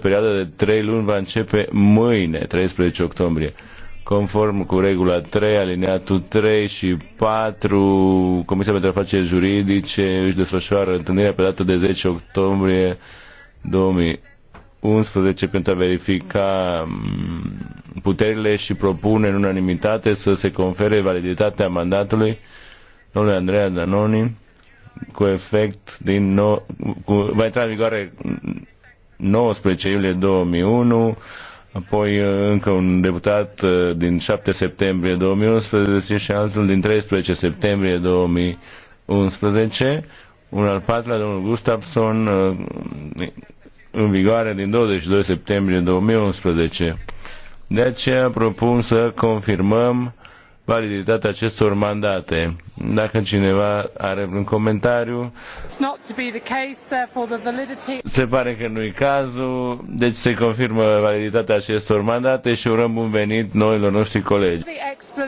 perioada de 3 luni va începe mâine, 13 octombrie. Conform cu regula 3, alineatul 3 și 4, Comisia pentru Afaceri Juridice își desfășoară întâlnirea pe data de 10 octombrie 2011 pentru a verifica mm, puterile și propune în unanimitate să se confere validitatea mandatului domnului Andreea Danoni cu efect din nou, cu, va intra în vigoare 19 iulie 2001, apoi uh, încă un deputat uh, din 7 septembrie 2011 și altul din 13 septembrie 2011, un al patrulea, domnul Gustafsson, uh, în vigoare din 22 septembrie 2011. De aceea propun să confirmăm validitatea acestor mandate. Dacă cineva are un comentariu, se pare că nu e cazul, deci se confirmă validitatea acestor mandate și urăm bun venit noilor noștri colegi.